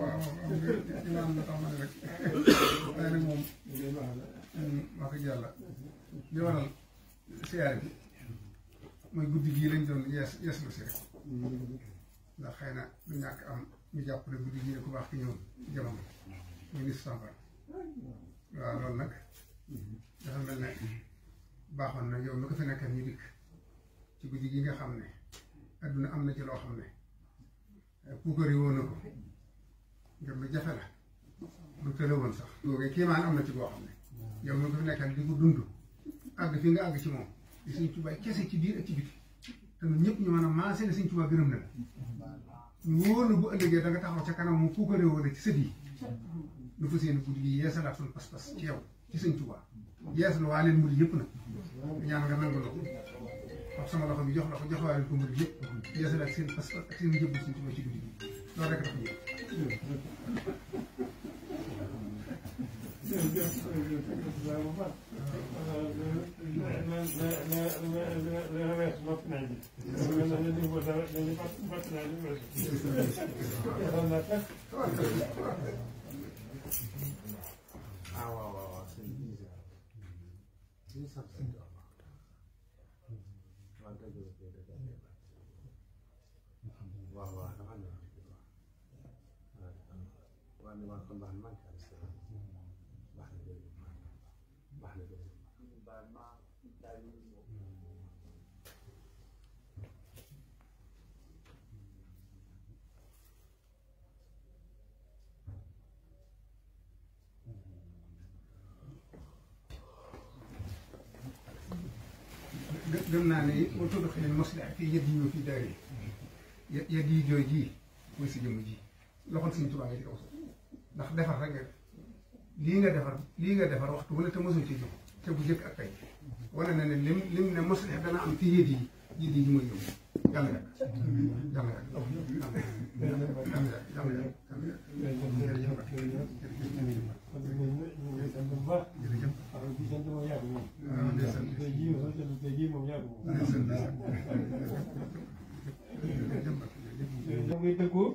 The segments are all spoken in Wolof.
waaw dina am lu tax man rek waaye nag moom wax dëgg yàlla li waral siyaare bi mooy guddi gii lañ doon yees yees lu si ndax xëy na du ñàkk am ñu jàpp ne guddi gii la ku baax ki ñëw jamono muy nis sàmbar waaw loolu nag dafa mel ne baaxoon na yow lu ko fi nekkal ñu dikk ci guddi gi nga xam ne adduna am na ci loo xam ne puukari woon na ko jom bi jafe la lu tële woon sax loolu kéemaan am na ci boo xam ne yow mi ko fi nekkal di ko dund àgg fi nga àgg ci moom di Sëñ Tuubaa kese ci biir ak ci biti te ñun ñëpp ñu mën a maase ne Sëñ Tuubaa gërëm na la ñu wóor la bu ëllëgee da nga taxaw ca lu fa seen guddi gi yeesalaat suñu pas-pas ci yow ci Sëñ Tuubaa yeesal waa leen murid yëpp nag ñaan nga nangu la ko wax sama loxo bi jox la ko jox waa leen ko murid yëpp yeesalaat seen pas-pas ak seen jëmm Sëñ Tuubaa ci guddi Non è capito. Wah, wah, وأن ما طلع ما كان يستاهل ما احنا دايرين ما قلنا لي وتدخل المصلحة في يدي وفي داره يدي جوجي ويسجم جي لو كنت سنتوا عليه ndax defar rek lii nga defar lii nga defar waxtu wala te mosuñ ci jóg te bu jëkk ak tey wala na ne lim lim ne mos dana am ci yéet yi yéet yi mooy ñëw yàlla rek yàlla rek yàlla rek yàlla rek jërëjëf jërëjëf jërëjëf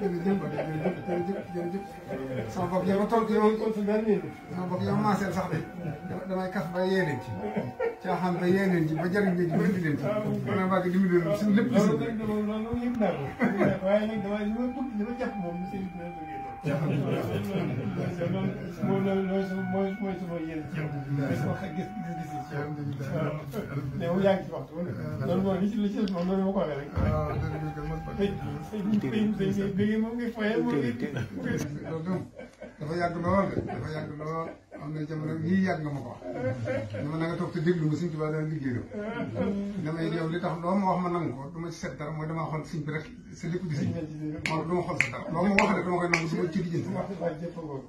jërëjëf jërëjëf jërëjëf jërëjëf sama bopp yow ma toll yow sama bopp yow maa seen sax de damay kas ba yee leen ci caaxaan ba yee leen ci ba jëriñ leen ci ba indi leen ci maanaam waa gi dimbali leen suñu lépp gis waaye nag damay li ma bëgg li ma jàpp moom monsieur Diouf dina bëggee lool. loolu mooy mooy sama yéene ci yow. gis gis gis ci yow. mais yaa ngi ci waxtu. loolu mooy li ci li ci moom loolu ma ko waxee rek. dafa yàgg lool dafa yàgg lool am na jamono yii yàgg nga ma ko wax. dama na nga toog te déglu ma Sëñ Tuubaa daan liggéeyam. damay yow li tax loo ma wax ma nangu ko du ma ci seet dara mooy damaa xool sëñ bi moo du ma xool sa dara loo ma wax rek dama koy nangu du ma ci lijjanti